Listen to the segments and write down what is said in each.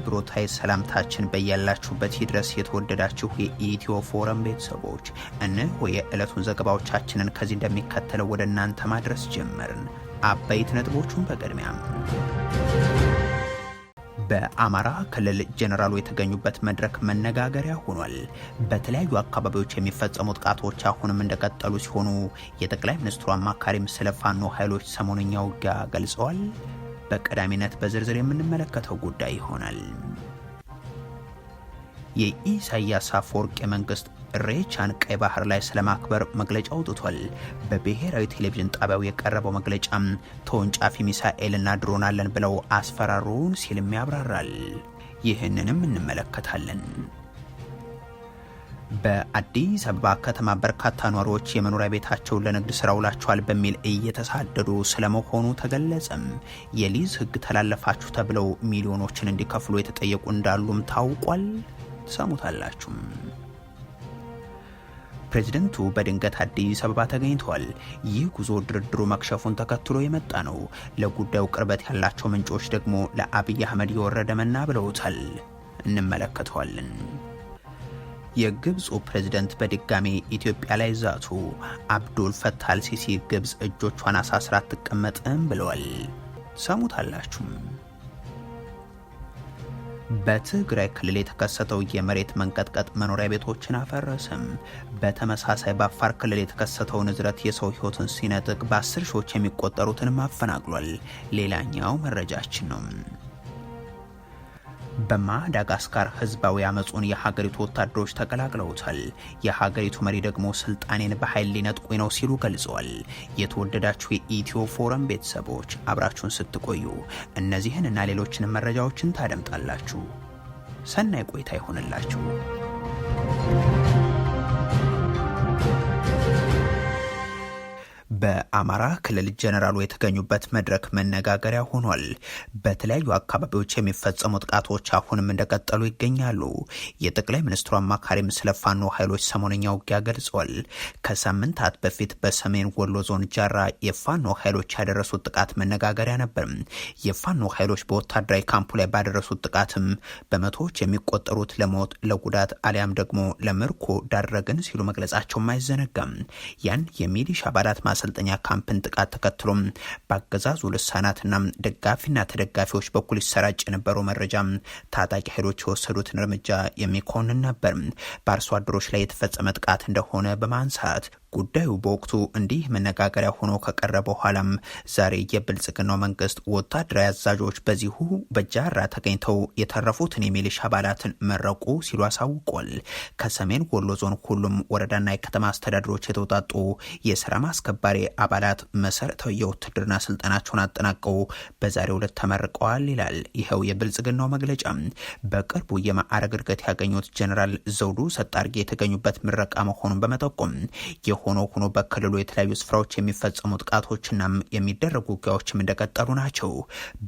አክብሮታዊ ሰላምታችን በያላችሁበት ይድረስ። የተወደዳችሁ የኢትዮ ፎረም ቤተሰቦች እነሆ የዕለቱን ዘገባዎቻችንን ከዚህ እንደሚከተለው ወደ እናንተ ማድረስ ጀመርን። አበይት ነጥቦቹን በቅድሚያ በአማራ ክልል ጀኔራሉ የተገኙበት መድረክ መነጋገሪያ ሆኗል። በተለያዩ አካባቢዎች የሚፈጸሙ ጥቃቶች አሁንም እንደቀጠሉ ሲሆኑ የጠቅላይ ሚኒስትሩ አማካሪም ስለ ፋኖ ኃይሎች ሰሞንኛ ውጊያ ገልጸዋል። በቀዳሚነት በዝርዝር የምንመለከተው ጉዳይ ይሆናል። የኢሳያስ አፈወርቂ መንግስት ኢሬቻን ቀይ ባህር ላይ ስለማክበር መግለጫ አውጥቷል። በብሔራዊ ቴሌቪዥን ጣቢያው የቀረበው መግለጫ ተወንጫፊ ሚሳኤልና ድሮን አለን ብለው አስፈራሩን ሲልም ያብራራል። ይህንንም እንመለከታለን። በአዲስ አበባ ከተማ በርካታ ኗሪዎች የመኖሪያ ቤታቸውን ለንግድ ስራ ውላቸዋል በሚል እየተሳደዱ ስለመሆኑ ተገለጸም። የሊዝ ህግ ተላለፋችሁ ተብለው ሚሊዮኖችን እንዲከፍሉ የተጠየቁ እንዳሉም ታውቋል። ትሰሙታላችሁም። ፕሬዚደንቱ በድንገት አዲስ አበባ ተገኝተዋል። ይህ ጉዞ ድርድሩ መክሸፉን ተከትሎ የመጣ ነው። ለጉዳዩ ቅርበት ያላቸው ምንጮች ደግሞ ለአብይ አህመድ የወረደ መና ብለውታል። እንመለከተዋለን። የግብፁ ፕሬዝደንት በድጋሚ ኢትዮጵያ ላይ ዛቱ። አብዱል ፈታህ አልሲሲ ግብፅ እጆቿን አሳስራ አትቀመጥም ብለዋል። ሰሙታላችሁም። በትግራይ ክልል የተከሰተው የመሬት መንቀጥቀጥ መኖሪያ ቤቶችን አፈረስም። በተመሳሳይ በአፋር ክልል የተከሰተው ንዝረት የሰው ሕይወትን ሲነጥቅ በአስር ሺዎች የሚቆጠሩትንም አፈናቅሏል። ሌላኛው መረጃችን ነው። በማዳጋስካር ህዝባዊ አመፁን የሀገሪቱ ወታደሮች ተቀላቅለውታል። የሀገሪቱ መሪ ደግሞ ስልጣኔን በኃይል ሊነጥቁኝ ነው ሲሉ ገልጸዋል። የተወደዳችሁ የኢትዮ ፎረም ቤተሰቦች አብራችሁን ስትቆዩ እነዚህን እና ሌሎችንም መረጃዎችን ታደምጣላችሁ። ሰናይ ቆይታ ይሆንላችሁ። በአማራ ክልል ጀነራሉ የተገኙበት መድረክ መነጋገሪያ ሆኗል። በተለያዩ አካባቢዎች የሚፈጸሙ ጥቃቶች አሁንም እንደቀጠሉ ይገኛሉ። የጠቅላይ ሚኒስትሩ አማካሪም ስለ ፋኖ ኃይሎች ሰሞነኛ ውጊያ ገልጿል። ከሳምንታት በፊት በሰሜን ወሎ ዞን ጃራ የፋኖ ኃይሎች ያደረሱት ጥቃት መነጋገሪያ ነበር። የፋኖ ኃይሎች በወታደራዊ ካምፑ ላይ ባደረሱት ጥቃትም በመቶዎች የሚቆጠሩት ለሞት ለጉዳት አሊያም ደግሞ ለምርኮ ዳረግን ሲሉ መግለጻቸውም አይዘነጋም። ያን የሚሊሻ አባላት ማሰ ማሰልጠኛ ካምፕን ጥቃት ተከትሎ በአገዛዙ ልሳናትና ደጋፊና ተደጋፊዎች በኩል ይሰራጭ የነበረው መረጃ ታጣቂ ኃይሎች የወሰዱትን እርምጃ የሚኮንን ነበር። በአርሶ አደሮች ላይ የተፈጸመ ጥቃት እንደሆነ በማንሳት ጉዳዩ በወቅቱ እንዲህ መነጋገሪያ ሆኖ ከቀረ በኋላም ዛሬ የብልጽግናው መንግስት ወታደራዊ አዛዦች በዚሁ በጃራ ተገኝተው የተረፉትን የሚሊሻ አባላትን መረቁ ሲሉ አሳውቋል። ከሰሜን ወሎ ዞን ሁሉም ወረዳና የከተማ አስተዳደሮች የተውጣጡ የስራ ማስከባሪ አባላት መሰረታዊ የውትድርና ስልጠናቸውን አጠናቀው በዛሬ ሁለት ተመርቀዋል ይላል ይኸው የብልጽግናው መግለጫ። በቅርቡ የማዕረግ እድገት ያገኙት ጀኔራል ዘውዱ ሰጣርጌ የተገኙበት ምረቃ መሆኑን በመጠቆም ሆኖ ሆኖ በክልሉ የተለያዩ ስፍራዎች የሚፈጸሙ ጥቃቶችና የሚደረጉ ውጊያዎችም እንደቀጠሉ ናቸው።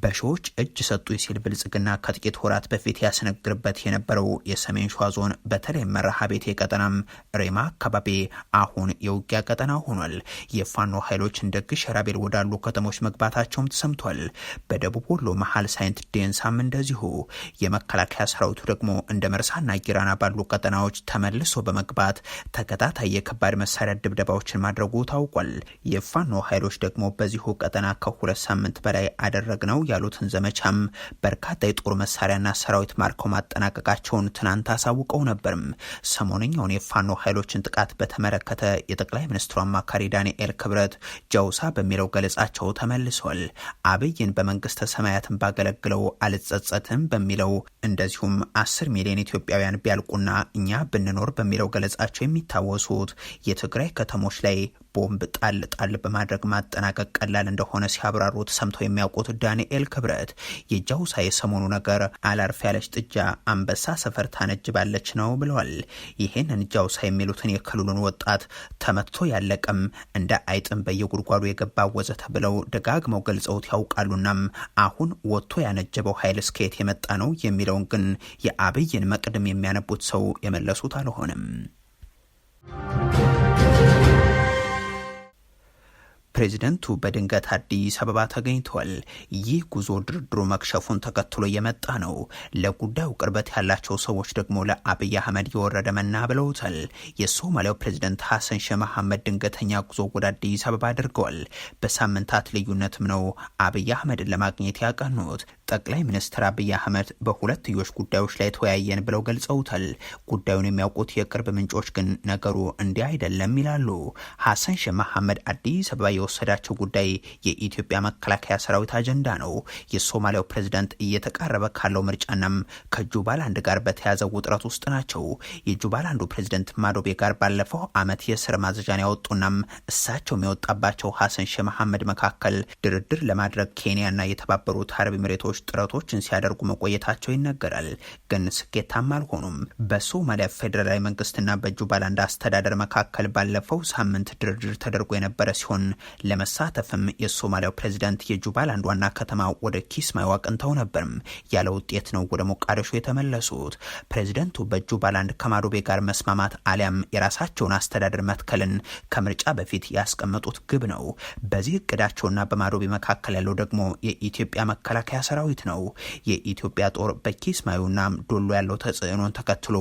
በሺዎች እጅ ሰጡ ሲል ብልጽግና ከጥቂት ወራት በፊት ያስነግርበት የነበረው የሰሜን ሸዋ ዞን በተለይ መረሃ ቤቴ ቀጠናም ሬማ አካባቢ አሁን የውጊያ ቀጠና ሆኗል። የፋኖ ኃይሎች እንደ ግሸራቤል ወዳሉ ከተሞች መግባታቸውም ተሰምቷል። በደቡብ ወሎ መሀል ሳይንት ዴንሳም እንደዚሁ። የመከላከያ ሰራዊቱ ደግሞ እንደ መርሳና ጊራና ባሉ ቀጠናዎች ተመልሶ በመግባት ተከታታይ የከባድ መሳሪያ ድብደባዎችን ማድረጉ ታውቋል። የፋኖ ኃይሎች ደግሞ በዚሁ ቀጠና ከሁለት ሳምንት በላይ አደረግነው ያሉትን ዘመቻም በርካታ የጦር መሳሪያና ሰራዊት ማርከው ማጠናቀቃቸውን ትናንት አሳውቀው ነበርም። ሰሞነኛውን የፋኖ ኃይሎችን ጥቃት በተመለከተ የጠቅላይ ሚኒስትሩ አማካሪ ዳንኤል ክብረት ጃውሳ በሚለው ገለጻቸው ተመልሷል። አብይን በመንግስተ ሰማያትን ባገለግለው አልጸጸትም በሚለው እንደዚሁም አስር ሚሊዮን ኢትዮጵያውያን ቢያልቁና እኛ ብንኖር በሚለው ገለጻቸው የሚታወሱት የትግራይ ከተሞች ላይ ቦምብ ጣል ጣል በማድረግ ማጠናቀቅ ቀላል እንደሆነ ሲያብራሩት ሰምተው የሚያውቁት ዳንኤል ክብረት የጃውሳ የሰሞኑ ነገር አላርፍ ያለች ጥጃ አንበሳ ሰፈር ታነጅባለች ነው ብለዋል። ይህንን ጃውሳ የሚሉትን የክልሉን ወጣት ተመትቶ ያለቀም እንደ አይጥም በየጉድጓዱ የገባ ወዘተ ብለው ደጋግመው ገልጸውት ያውቃሉናም አሁን ወጥቶ ያነጀበው ኃይል እስከየት የመጣ ነው የሚለውን ግን የአብይን መቅድም የሚያነቡት ሰው የመለሱት አልሆነም። Thank you. ፕሬዚደንቱ በድንገት አዲስ አበባ ተገኝተዋል። ይህ ጉዞ ድርድሩ መክሸፉን ተከትሎ የመጣ ነው። ለጉዳዩ ቅርበት ያላቸው ሰዎች ደግሞ ለአብይ አህመድ የወረደ መና ብለውታል። የሶማሊያው ፕሬዚደንት ሐሰን ሼህ መሐመድ ድንገተኛ ጉዞ ወደ አዲስ አበባ አድርገዋል። በሳምንታት ልዩነትም ነው አብይ አህመድን ለማግኘት ያቀኑት። ጠቅላይ ሚኒስትር አብይ አህመድ በሁለትዮሽ ጉዳዮች ላይ ተወያየን ብለው ገልጸውታል። ጉዳዩን የሚያውቁት የቅርብ ምንጮች ግን ነገሩ እንዲህ አይደለም ይላሉ። ሐሰን ሼህ መሐመድ አዲስ አበባ የወሰዳቸው ጉዳይ የኢትዮጵያ መከላከያ ሰራዊት አጀንዳ ነው። የሶማሊያው ፕሬዚደንት እየተቃረበ ካለው ምርጫናም ከጁባላንድ ጋር በተያዘ ውጥረት ውስጥ ናቸው። የጁባላንዱ ፕሬዝደንት ማዶቤ ጋር ባለፈው አመት የስር ማዘዣን ያወጡናም እሳቸው የሚወጣባቸው ሀሰን ሼህ መሐመድ መካከል ድርድር ለማድረግ ኬንያና የተባበሩት አረብ ኤሚሬቶች ጥረቶችን ሲያደርጉ መቆየታቸው ይነገራል። ግን ስኬታማ አልሆኑም። በሶማሊያ ፌዴራላዊ መንግስትና በጁባላንድ አስተዳደር መካከል ባለፈው ሳምንት ድርድር ተደርጎ የነበረ ሲሆን ለመሳተፍም የሶማሊያው ፕሬዚዳንት የጁባላንድ ዋና ከተማ ወደ ኪስማዮ አቅንተው ነበርም ያለ ውጤት ነው ወደ ሞቃዲሾ የተመለሱት። ፕሬዚደንቱ በጁባላንድ ከማዶቤ ጋር መስማማት አሊያም የራሳቸውን አስተዳደር መትከልን ከምርጫ በፊት ያስቀመጡት ግብ ነው። በዚህ እቅዳቸውና በማዶቤ መካከል ያለው ደግሞ የኢትዮጵያ መከላከያ ሰራዊት ነው። የኢትዮጵያ ጦር በኪስማዩና ዶሎ ያለው ተጽዕኖን ተከትሎ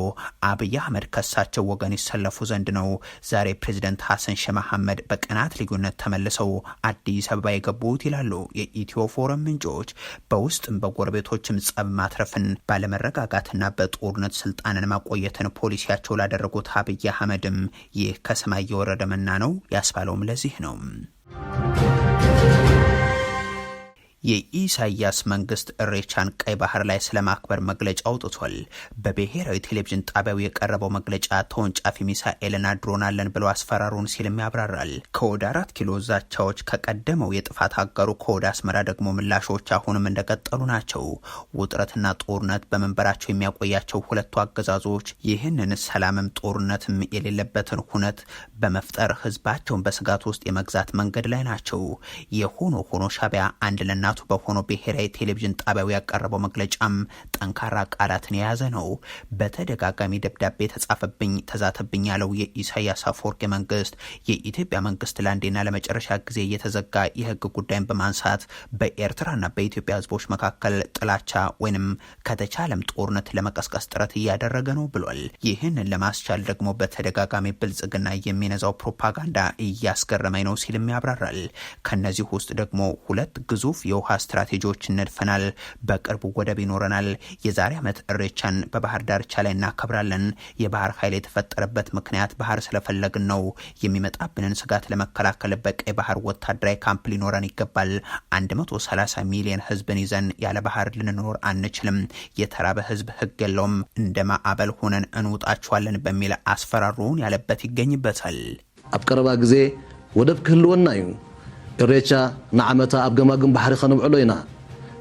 አብይ አህመድ ከሳቸው ወገን ይሰለፉ ዘንድ ነው ዛሬ ፕሬዚደንት ሐሰን ሼህ መሐመድ በቀናት ልዩነት ተመለ ተመልሰው አዲስ አበባ የገቡት ይላሉ የኢትዮ ፎረም ምንጮች። በውስጥም በጎረቤቶችም ጸብ ማትረፍን ባለመረጋጋትና በጦርነት ስልጣንን ማቆየትን ፖሊሲያቸው ላደረጉት አብይ አህመድም ይህ ከሰማይ የወረደ መና ነው ያስባለውም ለዚህ ነው። የኢሳያስ መንግስት እሬቻን ቀይ ባህር ላይ ስለማክበር መግለጫ አውጥቷል። በብሔራዊ ቴሌቪዥን ጣቢያው የቀረበው መግለጫ ተወንጫፊ ሚሳኤልና ድሮን አለን ብለው አስፈራሩን ሲልም ያብራራል። ከወደ አራት ኪሎ ዛቻዎች ከቀደመው የጥፋት አገሩ ከወደ አስመራ ደግሞ ምላሾች አሁንም እንደቀጠሉ ናቸው። ውጥረትና ጦርነት በመንበራቸው የሚያቆያቸው ሁለቱ አገዛዞች ይህንን ሰላምም ጦርነትም የሌለበትን ሁነት በመፍጠር ህዝባቸውን በስጋት ውስጥ የመግዛት መንገድ ላይ ናቸው። የሆኖ ሆኖ ሻቢያ አንድ ለና ምክንያቱ በሆነው ብሔራዊ ቴሌቪዥን ጣቢያው ያቀረበው መግለጫም ጠንካራ ቃላትን የያዘ ነው። በተደጋጋሚ ደብዳቤ ተጻፈብኝ፣ ተዛተብኝ ያለው የኢሳያስ አፈወርቂ መንግስት የኢትዮጵያ መንግስት ለአንዴና ለመጨረሻ ጊዜ የተዘጋ የህግ ጉዳይን በማንሳት በኤርትራና በኢትዮጵያ ህዝቦች መካከል ጥላቻ ወይንም ከተቻለም ጦርነት ለመቀስቀስ ጥረት እያደረገ ነው ብሏል። ይህንን ለማስቻል ደግሞ በተደጋጋሚ ብልጽግና የሚነዛው ፕሮፓጋንዳ እያስገረመኝ ነው ሲልም ያብራራል። ከነዚህ ውስጥ ደግሞ ሁለት ግዙፍ የውሃ ስትራቴጂዎች ነድፈናል። በቅርቡ ወደብ ይኖረናል። የዛሬ ዓመት እሬቻን በባህር ዳርቻ ላይ እናከብራለን። የባህር ኃይል የተፈጠረበት ምክንያት ባህር ስለፈለግን ነው። የሚመጣብንን ስጋት ለመከላከል በቀይ ባህር ወታደራዊ ካምፕ ሊኖረን ይገባል። 130 ሚሊዮን ህዝብን ይዘን ያለ ባህር ልንኖር አንችልም። የተራበ ህዝብ ህግ የለውም። እንደ ማዕበል ሆነን እንውጣቸዋለን በሚል አስፈራሩን ያለበት ይገኝበታል። አብ ቀረባ ጊዜ ወደብ ክህልወና እዩ شሬش نعمت ኣብ قمقم بحر نبع ኢና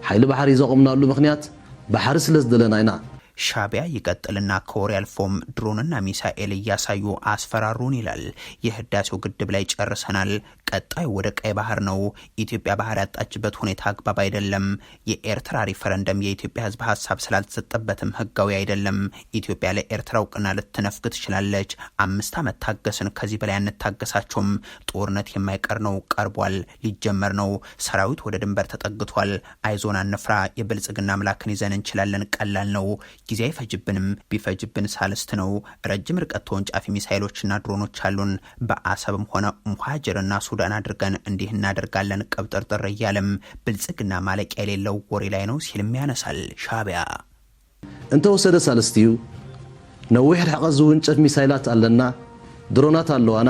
حيل بحر ዘغمنل م بحر لدلና ن ሻቢያ ይቀጥልና ከወሬ አልፎም ድሮንና ሚሳኤል እያሳዩ አስፈራሩን ይላል። የህዳሴው ግድብ ላይ ጨርሰናል፣ ቀጣይ ወደ ቀይ ባህር ነው። ኢትዮጵያ ባህር ያጣችበት ሁኔታ አግባብ አይደለም። የኤርትራ ሪፈረንደም የኢትዮጵያ ህዝብ ሀሳብ ስላልተሰጠበትም ህጋዊ አይደለም። ኢትዮጵያ ለኤርትራ እውቅና ልትነፍግ ትችላለች። አምስት ዓመት ታገስን፣ ከዚህ በላይ አንታገሳቸውም። ጦርነት የማይቀር ነው፣ ቀርቧል፣ ሊጀመር ነው። ሰራዊት ወደ ድንበር ተጠግቷል። አይዞን፣ አንፍራ፣ የብልጽግና አምላክን ይዘን እንችላለን፣ ቀላል ነው። ጊዜ አይፈጅብንም። ቢፈጅብን ሳልስት ነው። ረጅም ርቀት ተወንጫፊ ሚሳይሎችና ድሮኖች አሉን። በአሰብም ሆነ ሙሃጅርና ሱዳን አድርገን እንዲህ እናደርጋለን ቀብጠርጥር እያለም ብልጽግና ማለቂያ የሌለው ወሬ ላይ ነው ሲልም ያነሳል ሻቢያ እንተወሰደ ሳልስትዩ ነዊሕ ርሕቀት ዝውንጨፍ ሚሳይላት ኣለና ድሮናት ኣለዋና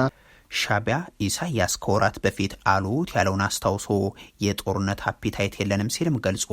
ሻቢያ ኢሳያስ ከወራት በፊት አሉት ያለውን አስታውሶ የጦርነት አፒታይት የለንም ሲልም ገልጾ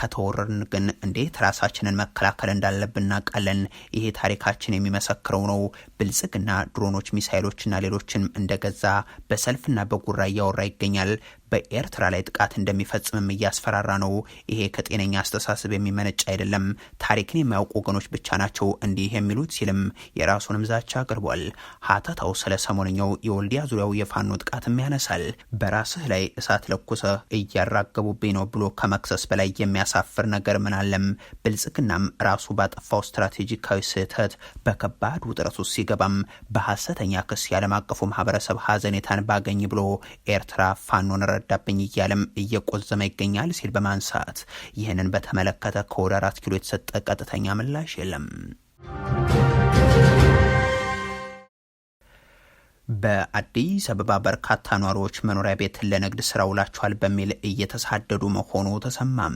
ከተወረርን ግን እንዴት ራሳችንን መከላከል እንዳለብን እናውቃለን። ይሄ ታሪካችን የሚመሰክረው ነው። ብልጽግና ድሮኖች፣ ሚሳይሎችና ሌሎችንም እንደገዛ በሰልፍና በጉራ እያወራ ይገኛል። በኤርትራ ላይ ጥቃት እንደሚፈጽምም እያስፈራራ ነው። ይሄ ከጤነኛ አስተሳሰብ የሚመነጭ አይደለም። ታሪክን የማያውቁ ወገኖች ብቻ ናቸው እንዲህ የሚሉት ሲልም የራሱንም ዛቻ አቅርቧል። ሀተታው ስለ ሰሞንኛው የወልዲያ ዙሪያው የፋኖ ጥቃትም ያነሳል። በራስህ ላይ እሳት ለኩሰ እያራገቡብኝ ነው ብሎ ከመክሰስ በላይ የሚያሳፍር ነገር ምን አለም? ብልጽግናም ራሱ ባጠፋው ስትራቴጂካዊ ስህተት በከባድ ውጥረት ውስጥ ሲገባም በሀሰተኛ ክስ ያለም አቀፉ ማህበረሰብ ሀዘኔታን ባገኝ ብሎ ኤርትራ ፋኖን ረዳብኝ እያለም እየቆዘመ ይገኛል ሲል በማንሳት ይህንን በተመለከተ ከወደ አራት ኪሎ የተሰጠ ቀጥተኛ ምላሽ የለም። በአዲስ አበባ በርካታ ኗሪዎች መኖሪያ ቤት ለንግድ ስራ ውላችኋል በሚል እየተሳደዱ መሆኑ ተሰማም።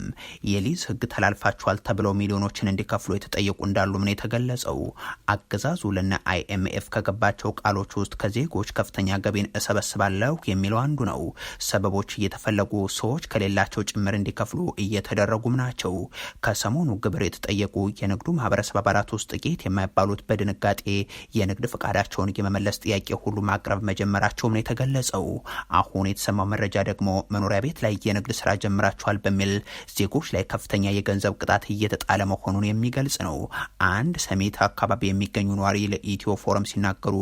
የሊዝ ህግ ተላልፋችኋል ተብለው ሚሊዮኖችን እንዲከፍሉ የተጠየቁ እንዳሉም ነው የተገለጸው። አገዛዙ ለነ አይኤምኤፍ ከገባቸው ቃሎች ውስጥ ከዜጎች ከፍተኛ ገቢን እሰበስባለሁ የሚለው አንዱ ነው። ሰበቦች እየተፈለጉ ሰዎች ከሌላቸው ጭምር እንዲከፍሉ እየተደረጉም ናቸው። ከሰሞኑ ግብር የተጠየቁ የንግዱ ማህበረሰብ አባላት ውስጥ ጥቂት የማይባሉት በድንጋጤ የንግድ ፈቃዳቸውን የመመለስ ጥያቄ ሁሉ ማቅረብ መጀመራቸውም ነው የተገለጸው። አሁን የተሰማው መረጃ ደግሞ መኖሪያ ቤት ላይ የንግድ ስራ ጀምራቸዋል በሚል ዜጎች ላይ ከፍተኛ የገንዘብ ቅጣት እየተጣለ መሆኑን የሚገልጽ ነው። አንድ ሰሜት አካባቢ የሚገኙ ነዋሪ ለኢትዮ ፎረም ሲናገሩ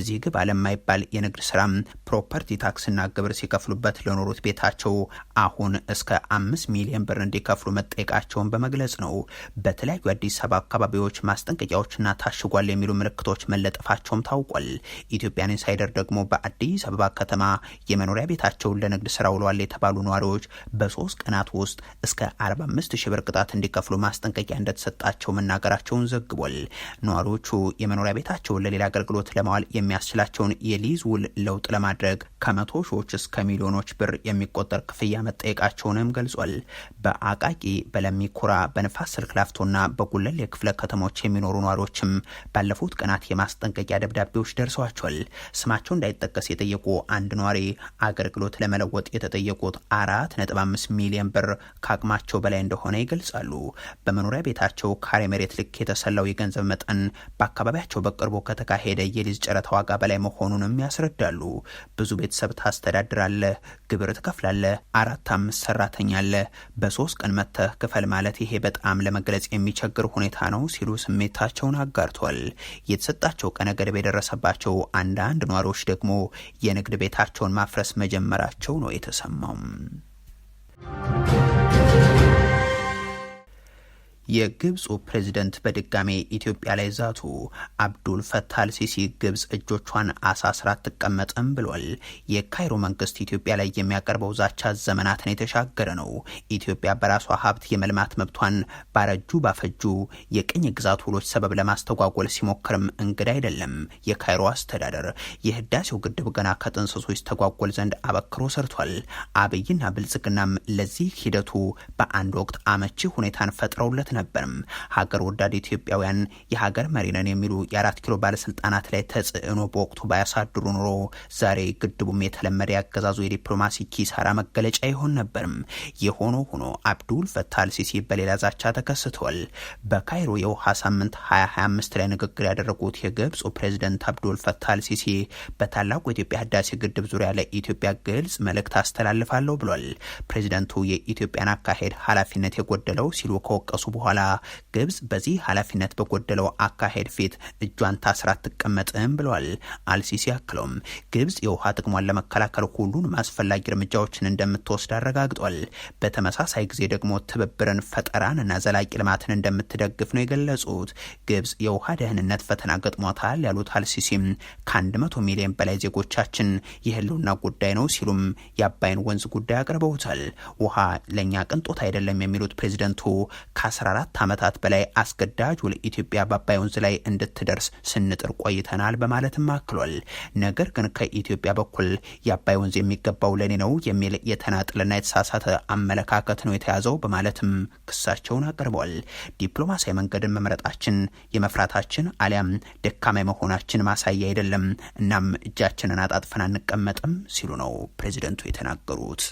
እዚህ ግብ አለማይባል የንግድ ስራ ፕሮፐርቲ ታክስና ግብር ሲከፍሉበት ለኖሩት ቤታቸው አሁን እስከ አምስት ሚሊዮን ብር እንዲከፍሉ መጠየቃቸውን በመግለጽ ነው። በተለያዩ አዲስ አበባ አካባቢዎች ማስጠንቀቂያዎችና ታሽጓል የሚሉ ምልክቶች መለጠፋቸውም ታውቋል። ኢትዮጵያን ኢንሳይደር ደግሞ በአዲስ አበባ ከተማ የመኖሪያ ቤታቸውን ለንግድ ስራ ውለዋል የተባሉ ነዋሪዎች በሶስት ቀናት ውስጥ እስከ 45 ሺህ ብር ቅጣት እንዲከፍሉ ማስጠንቀቂያ እንደተሰጣቸው መናገራቸውን ዘግቧል። ነዋሪዎቹ የመኖሪያ ቤታቸውን ለሌላ አገልግሎት ለማዋል የሚያስችላቸውን የሊዝ ውል ለውጥ ለማድረግ ከመቶ ሺዎች እስከ ሚሊዮኖች ብር የሚቆጠር ክፍያ መጠየቃቸውንም ገልጿል። በአቃቂ በለሚኩራ በንፋስ ስልክ ላፍቶና በጉለሌ ክፍለ ከተሞች የሚኖሩ ነዋሪዎችም ባለፉት ቀናት የማስጠንቀቂያ ደብዳቤዎች ደርሰዋቸዋል። ስማቸው እንዳይጠቀስ የጠየቁ አንድ ነዋሪ አገልግሎት ለመለወጥ የተጠየቁት አራት ነጥብ አምስት ሚሊዮን ብር ከአቅማቸው በላይ እንደሆነ ይገልጻሉ። በመኖሪያ ቤታቸው ካሬ መሬት ልክ የተሰላው የገንዘብ መጠን በአካባቢያቸው በቅርቡ ከተካሄደ የሊዝ ጨረታ ዋጋ በላይ መሆኑንም ያስረዳሉ። ብዙ ቤተሰብ ታስተዳድራለህ፣ ግብር ትከፍላለህ፣ አራት አምስት ሰራተኛ አለ፣ በሶስት ቀን መተህ ክፈል ማለት ይሄ በጣም ለመግለጽ የሚቸግር ሁኔታ ነው ሲሉ ስሜታቸውን አጋርቷል። የተሰጣቸው ቀነ ገደብ የደረሰባቸው አንዳንድ አንዳንድ ነዋሪዎች ደግሞ የንግድ ቤታቸውን ማፍረስ መጀመራቸው ነው የተሰማው። የግብፁ ፕሬዚደንት በድጋሜ ኢትዮጵያ ላይ ዛቱ። አብዱል ፈታል ሲሲ ግብፅ እጆቿን አሳስራ አትቀመጥም ብሏል። የካይሮ መንግስት ኢትዮጵያ ላይ የሚያቀርበው ዛቻ ዘመናትን የተሻገረ ነው። ኢትዮጵያ በራሷ ሀብት የመልማት መብቷን ባረጁ ባፈጁ የቅኝ ግዛት ውሎች ሰበብ ለማስተጓጎል ሲሞክርም እንግዳ አይደለም። የካይሮ አስተዳደር የህዳሴው ግድብ ገና ከጥንስሱ ይስተጓጎል ዘንድ አበክሮ ሰርቷል። አብይና ብልጽግናም ለዚህ ሂደቱ በአንድ ወቅት አመቺ ሁኔታን ፈጥረውለት ነበርም። ሀገር ወዳድ ኢትዮጵያውያን የሀገር መሪ ነን የሚሉ የአራት ኪሎ ባለስልጣናት ላይ ተጽዕኖ በወቅቱ ባያሳድሩ ኑሮ ዛሬ ግድቡም የተለመደ ያገዛዙ የዲፕሎማሲ ኪሳራ መገለጫ ይሆን ነበርም። የሆኖ ሆኖ አብዱል ፈታል ሲሲ በሌላ ዛቻ ተከስተዋል። በካይሮ የውሃ ሳምንት 2025 ላይ ንግግር ያደረጉት የግብፁ ፕሬዚደንት አብዱል ፈታል ሲሲ በታላቁ የኢትዮጵያ ህዳሴ ግድብ ዙሪያ ለኢትዮጵያ ግልጽ መልእክት አስተላልፋለሁ ብሏል። ፕሬዚደንቱ የኢትዮጵያን አካሄድ ኃላፊነት የጎደለው ሲሉ ከወቀሱ በኋላ በኋላ ግብጽ በዚህ ኃላፊነት በጎደለው አካሄድ ፊት እጇን ታስራ አትቀመጥም ብሏል አልሲሲ አክለውም ግብጽ የውሃ ጥቅሟን ለመከላከል ሁሉን አስፈላጊ እርምጃዎችን እንደምትወስድ አረጋግጧል። በተመሳሳይ ጊዜ ደግሞ ትብብርን፣ ፈጠራንና ዘላቂ ልማትን እንደምትደግፍ ነው የገለጹት። ግብጽ የውሃ ደህንነት ፈተና ገጥሟታል ያሉት አልሲሲም ከ100 ሚሊዮን በላይ ዜጎቻችን የህልውና ጉዳይ ነው ሲሉም የአባይን ወንዝ ጉዳይ አቅርበውታል። ውሃ ለእኛ ቅንጦት አይደለም የሚሉት ፕሬዚደንቱ ከ ከአራት ዓመታት በላይ አስገዳጅ ወደ ኢትዮጵያ በአባይ ወንዝ ላይ እንድትደርስ ስንጥር ቆይተናል በማለትም አክሏል። ነገር ግን ከኢትዮጵያ በኩል የአባይ ወንዝ የሚገባው ለኔ ነው የሚል የተናጥልና የተሳሳተ አመለካከት ነው የተያዘው በማለትም ክሳቸውን አቅርበዋል። ዲፕሎማሲያዊ መንገድን መምረጣችን የመፍራታችን አሊያም ደካማ መሆናችን ማሳያ አይደለም። እናም እጃችንን አጣጥፈን አንቀመጥም ሲሉ ነው ፕሬዚደንቱ የተናገሩት።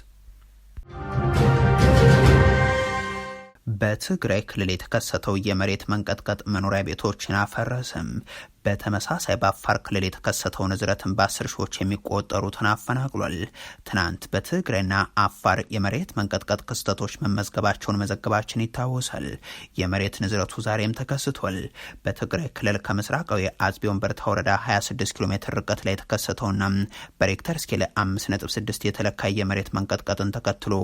በትግራይ ክልል የተከሰተው የመሬት መንቀጥቀጥ መኖሪያ ቤቶችን አፈረስም፣ በተመሳሳይ በአፋር ክልል የተከሰተው ንዝረትን በአስር ሺዎች የሚቆጠሩትን አፈናቅሏል። ትናንት በትግራይና አፋር የመሬት መንቀጥቀጥ ክስተቶች መመዝገባቸውን መዘገባችን ይታወሳል። የመሬት ንዝረቱ ዛሬም ተከስቷል። በትግራይ ክልል ከምስራቃዊ አጽቢ ወንበርታ ወረዳ 26 ኪሎ ሜትር ርቀት ላይ የተከሰተውና በሬክተር ስኬል 5.6 የተለካ የመሬት መንቀጥቀጥን ተከትሎ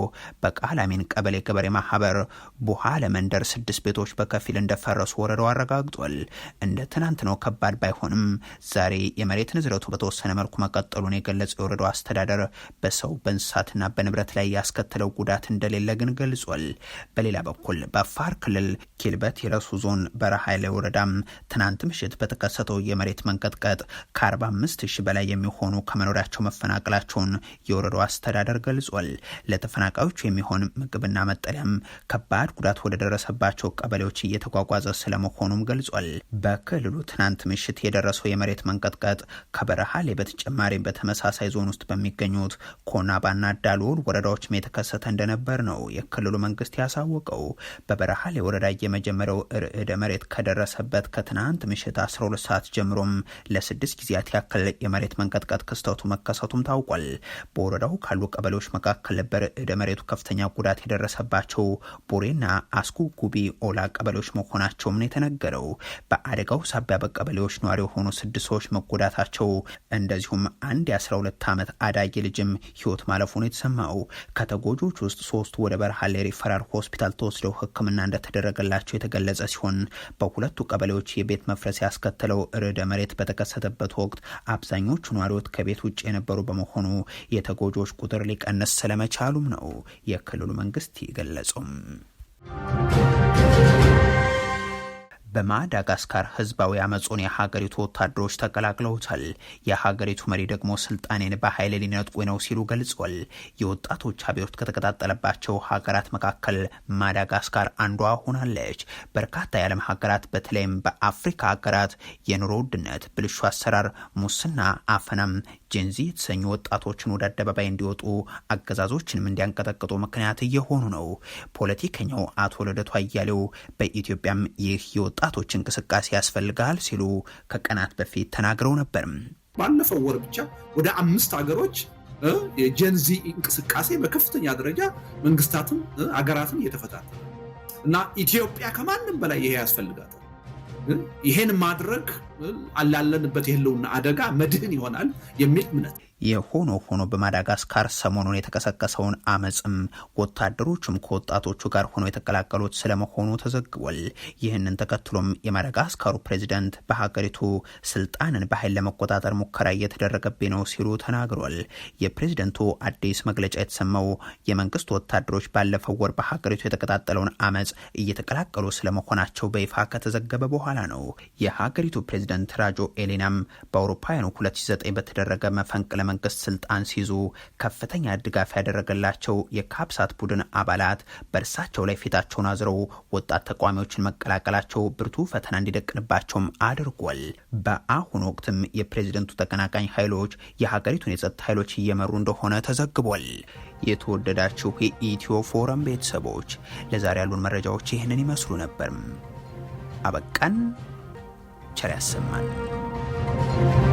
በቃላሚን ቀበሌ ገበሬ ማህበር ቡሃ ለመንደር ስድስት ቤቶች በከፊል እንደፈረሱ ወረዳው አረጋግጧል። እንደ ትናንት ነው ከባድ ከባድ ባይሆንም ዛሬ የመሬት ንዝረቱ በተወሰነ መልኩ መቀጠሉን የገለጸው የወረዳው አስተዳደር በሰው በእንስሳትና በንብረት ላይ ያስከተለው ጉዳት እንደሌለ ግን ገልጿል። በሌላ በኩል በአፋር ክልል ኪልበት የረሱ ዞን በረሃ ላይ ወረዳም ትናንት ምሽት በተከሰተው የመሬት መንቀጥቀጥ ከ45 ሺህ በላይ የሚሆኑ ከመኖሪያቸው መፈናቀላቸውን የወረዳው አስተዳደር ገልጿል። ለተፈናቃዮቹ የሚሆን ምግብና መጠለያም ከባድ ጉዳት ወደ ደረሰባቸው ቀበሌዎች እየተጓጓዘ ስለመሆኑም ገልጿል። በክልሉ ትናንት ምሽት የደረሰው የመሬት መንቀጥቀጥ ከበረሃሌ በተጨማሪም በተመሳሳይ ዞን ውስጥ በሚገኙት ኮናባና ዳሎል ወረዳዎችም የተከሰተ እንደነበር ነው የክልሉ መንግስት ያሳወቀው። በበረሃሌ ወረዳ የመጀመሪያው ርዕደ መሬት ከደረሰበት ከትናንት ምሽት 12 ሰዓት ጀምሮም ለስድስት ጊዜያት ያክል የመሬት መንቀጥቀጥ ክስተቱ መከሰቱም ታውቋል። በወረዳው ካሉ ቀበሌዎች መካከል በርዕደ መሬቱ ከፍተኛ ጉዳት የደረሰባቸው ቦሬና አስኩ ጉቢ ኦላ ቀበሌዎች መሆናቸውም ነው የተነገረው። በአደጋው ሳቢያ በቀበሌዎች ሌሎች ነዋሪ የሆኑ ስድስት ሰዎች መጎዳታቸው እንደዚሁም አንድ የ12 ዓመት አዳጊ ልጅም ህይወት ማለፉን የተሰማው ከተጎጆች ውስጥ ሶስቱ ወደ በረሃሌ ሪፈራል ሆስፒታል ተወስደው ህክምና እንደተደረገላቸው የተገለጸ ሲሆን በሁለቱ ቀበሌዎች የቤት መፍረስ ያስከተለው ርዕደ መሬት በተከሰተበት ወቅት አብዛኞቹ ነዋሪዎች ከቤት ውጭ የነበሩ በመሆኑ የተጎጆች ቁጥር ሊቀንስ ስለመቻሉም ነው የክልሉ መንግስት የገለጹም። በማዳጋስካር ህዝባዊ አመፁን የሀገሪቱ ወታደሮች ተቀላቅለውታል። የሀገሪቱ መሪ ደግሞ ስልጣኔን በኃይል ሊነጥቁ ነው ሲሉ ገልጿል። የወጣቶች አብዮት ከተቀጣጠለባቸው ሀገራት መካከል ማዳጋስካር አንዷ ሆናለች። በርካታ የዓለም ሀገራት በተለይም በአፍሪካ ሀገራት የኑሮ ውድነት፣ ብልሹ አሰራር፣ ሙስና፣ አፈናም ጄንዚ የተሰኙ ወጣቶችን ወደ አደባባይ እንዲወጡ አገዛዞችንም እንዲያንቀጠቅጡ ምክንያት እየሆኑ ነው። ፖለቲከኛው አቶ ልደቱ አያሌው በኢትዮጵያም ይህ የወጣቶች እንቅስቃሴ ያስፈልጋል ሲሉ ከቀናት በፊት ተናግረው ነበርም። ባለፈው ወር ብቻ ወደ አምስት ሀገሮች የጀንዚ እንቅስቃሴ በከፍተኛ ደረጃ መንግስታትም አገራትም እየተፈታተ እና ኢትዮጵያ ከማንም በላይ ይሄ ያስፈልጋታል። ይሄን ማድረግ አላለንበት የህልውና አደጋ መድህን ይሆናል የሚል እምነት የሆኖ ሆኖ በማዳጋስካር ሰሞኑን የተቀሰቀሰውን አመፅም ወታደሮቹም ከወጣቶቹ ጋር ሆኖ የተቀላቀሉት ስለመሆኑ ተዘግቧል። ይህንን ተከትሎም የማዳጋስካሩ ፕሬዚደንት በሀገሪቱ ስልጣንን በኃይል ለመቆጣጠር ሙከራ እየተደረገብኝ ነው ሲሉ ተናግሯል። የፕሬዚደንቱ አዲስ መግለጫ የተሰማው የመንግስት ወታደሮች ባለፈው ወር በሀገሪቱ የተቀጣጠለውን አመፅ እየተቀላቀሉ ስለመሆናቸው በይፋ ከተዘገበ በኋላ ነው። የሀገሪቱ ፕሬዚደንት ራጆ ኤሌናም በአውሮፓውያኑ 2009 በተደረገ መፈንቅለ መንግስት ስልጣን ሲይዙ ከፍተኛ ድጋፍ ያደረገላቸው የካብሳት ቡድን አባላት በእርሳቸው ላይ ፊታቸውን አዝረው ወጣት ተቃዋሚዎችን መቀላቀላቸው ብርቱ ፈተና እንዲደቅንባቸውም አድርጓል። በአሁኑ ወቅትም የፕሬዝደንቱ ተቀናቃኝ ኃይሎች የሀገሪቱን የጸጥታ ኃይሎች እየመሩ እንደሆነ ተዘግቧል። የተወደዳችሁ የኢትዮ ፎረም ቤተሰቦች ለዛሬ ያሉን መረጃዎች ይህንን ይመስሉ ነበርም። አበቃን። ቸር ያሰማን።